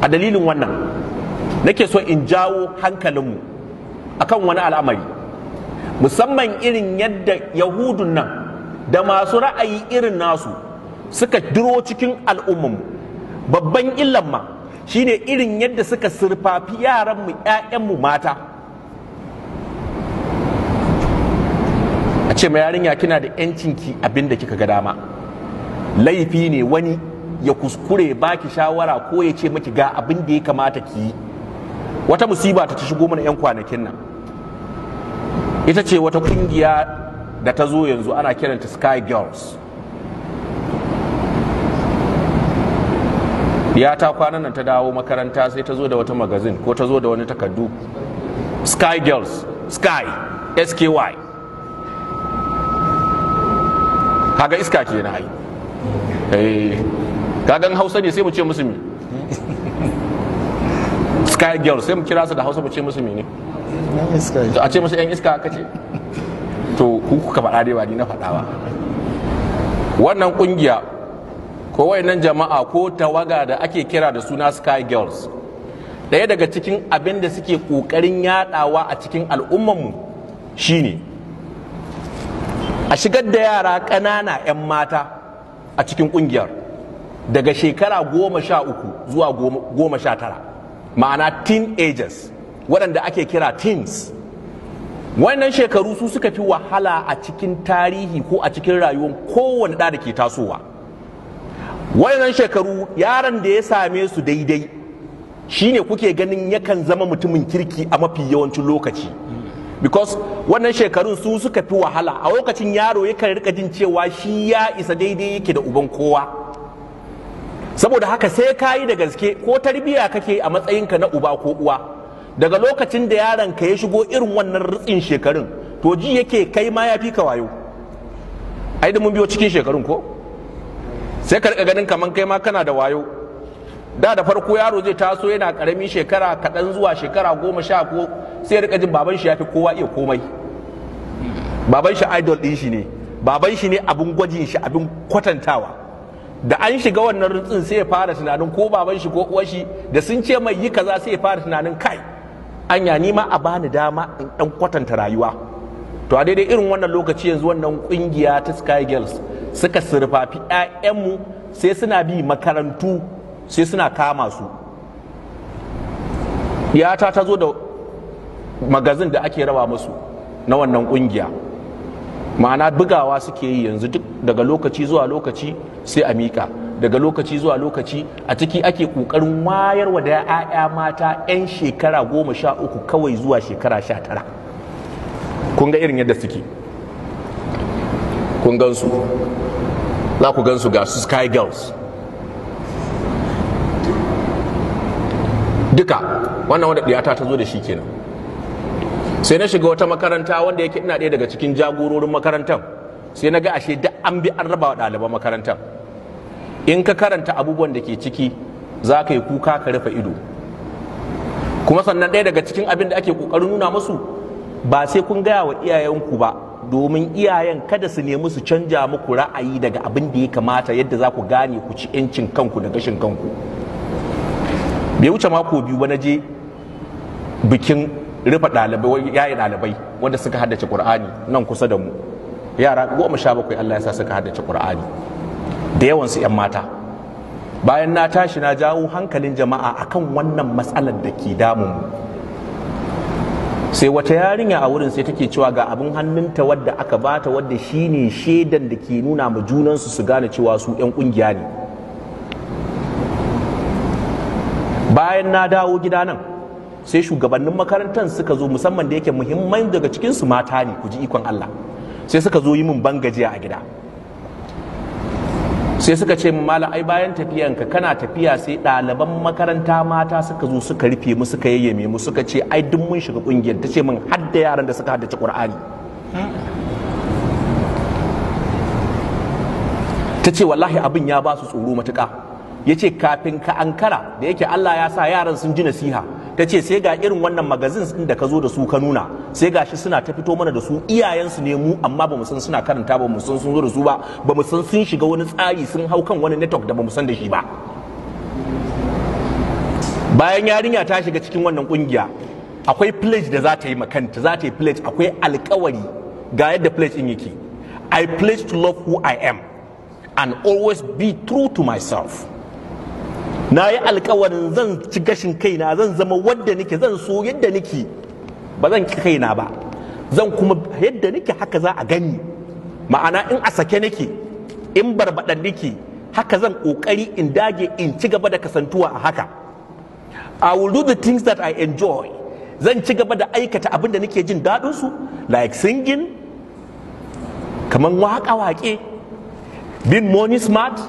a dalilin wannan nake so in jawo hankalinmu a kan wani al'amari musamman irin yadda yahudun nan da masu ra'ayi irin nasu suka duro cikin al'ummanmu babban illan ma shine irin yadda suka surfafi yaranmu 'ya'yanmu mata a ce ma yarinya kina da 'yancinki abin da kika ga dama laifi ne wani ya kuskure baki shawara ko ya ce miki ga abin da ya kamata ki yi wata musiba ta shigo mana 'yan kwanakin nan ita ce wata kungiya da ta zo yanzu ana kiranta sky girls ya ta kwanan nan ta dawo makaranta sai ta zo da wata magazin ko ta zo da wani takardu sky girls sky sky kaga iska ke na ai eh. kagan hausa ne sai mu ce musu me sky girl sai mu kira su da hausa mu ce musu me ne a ce musu yan iska aka ce to ku kuka faɗa dai ba ni na faɗa ba wannan ƙungiya ko wayannan jama'a ko tawaga da ake kira da suna sky girls ɗaya daga cikin abin da suke ƙoƙarin yaɗawa a cikin al'ummanmu shine a shigar da yara ƙanana 'yan mata a cikin ƙungiyar daga shekara goma sha uku zuwa goma sha tara ma'ana teenagers waɗanda ake kira teens wannan shekaru su suka fi wahala a cikin tarihi ko a cikin rayuwar kowane ɗa da ke tasowa wannan shekaru yaron da ya same su daidai shine kuke ganin yakan zama mutumin kirki a mafi yawancin lokaci because wannan shekarun su suka fi wahala a lokacin yaro yakan rika jin cewa shi ya isa daidai yake da uban kowa saboda haka sai ka yi da gaske ko tarbiya kake a matsayinka na uba ko uwa daga lokacin da yaron ka ya shigo irin wannan ritsin shekarun to ji yake kai ma ya fi ka wayo ai da mun biyo cikin shekarun ko sai ka ganin kaman kai ma kana da wayo da da farko yaro zai taso yana karami shekara kaɗan zuwa shekara goma sha ko sai ya rika jin baban shi ya fi kowa iya komai baban shi idol ɗin shi ne baban shi ne abin gwajin shi abin kwatantawa da an shiga wannan rutsin sai ya fara tunanin ko baban shi ko uwar shi da sun ce mai yi kaza sai ya fara tunanin kai anya ni ma a bani dama in dan kwatanta rayuwa to a daidai irin wannan lokaci yanzu wannan kungiya ta Sky Girls suka surfafi mu sai suna bi makarantu sai suna kama su yata ta zo da magazin da ake raba musu na wannan kungiya ma'ana bugawa suke yi yanzu duk daga lokaci zuwa lokaci sai a miƙa daga lokaci zuwa lokaci a ciki ake ƙoƙarin wa da 'ya'ya mata 'yan shekara goma sha uku kawai zuwa shekara sha tara kun ga irin yadda suke kun gansu za ku gansu ga su sky girls duka wannan wadda ɗiyata ta zo da shi kenan sai na shiga wata makaranta wanda yake ina ɗaya daga cikin jagororin makarantar sai na ga ashe duk an bi an raba wa ɗaliban makarantar in ka karanta abubuwan da ke ciki za ka yi kuka ka rufe ido kuma sannan ɗaya daga cikin abin da ake ƙoƙarin nuna musu ba sai kun gaya wa iyayenku ba domin iyayen kada su nemi su canja muku ra'ayi daga abin da ya kamata yadda za ku gane ku ci 'yancin kanku da gashin kanku bai wuce mako biyu ba na je bikin rufe ɗalibai yayi ɗalibai wanda suka haddace qur'ani nan kusa da mu yara goma sha bakwai Allah ya sa suka haddace qur'ani da yawansu 'yan mata bayan na tashi na jawo hankalin jama'a akan wannan matsalar da ke damun sai wata yarinya a wurin sai take cewa ga abin hannunta wadda aka bata wadda shine shaidan da ke nuna ma junansu su gane cewa su 'yan kungiya ne bayan na dawo gida nan sai shugabannin makarantar suka zo musamman da yake muhimman daga su mata ne ku ji ikon Allah sai suka zo yi min ban gajiya a gida sai suka ce min malam ai bayan ka kana tafiya sai ɗaliban makaranta mata suka zo suka rufe mu suka yayyame mu suka ce ai duk mun shiga kungiyar ta ce min hadda yaran da suka haddace Qur'ani ta ce wallahi abin ya ba su tsoro matuƙa ya ce kafin ka ankara da yake Allah ya sa yaran sun ji nasiha ta ce sai ga irin wannan magazin din da ka zo da su ka nuna sai ga shi suna ta fito mana da su iyayensu ne mu amma ba mu san suna karanta ba mu san sun zo da su ba ba mu san sun shiga wani tsari sun hau kan wani network da ba mu san da shi ba bayan yarinya ta shiga cikin wannan kungiya akwai pledge da za ta yi makanta za ta yi pledge akwai alkawari ga yadda pledge din yake i pledge to love who i am and always be true to myself na yi alkawarin zan ci gashin kaina zan zama wadda nake zan so yadda nake ba zan ki kaina ba zan kuma yadda nake haka za a gani ma'ana in a sake nake in barbaɗan nake haka zan ƙoƙari in dage in ci gaba da kasantuwa a haka I will do the things that I enjoy zan ci gaba da aikata abin da nake jin daɗin su like singing kamar waƙa-waƙe being money smart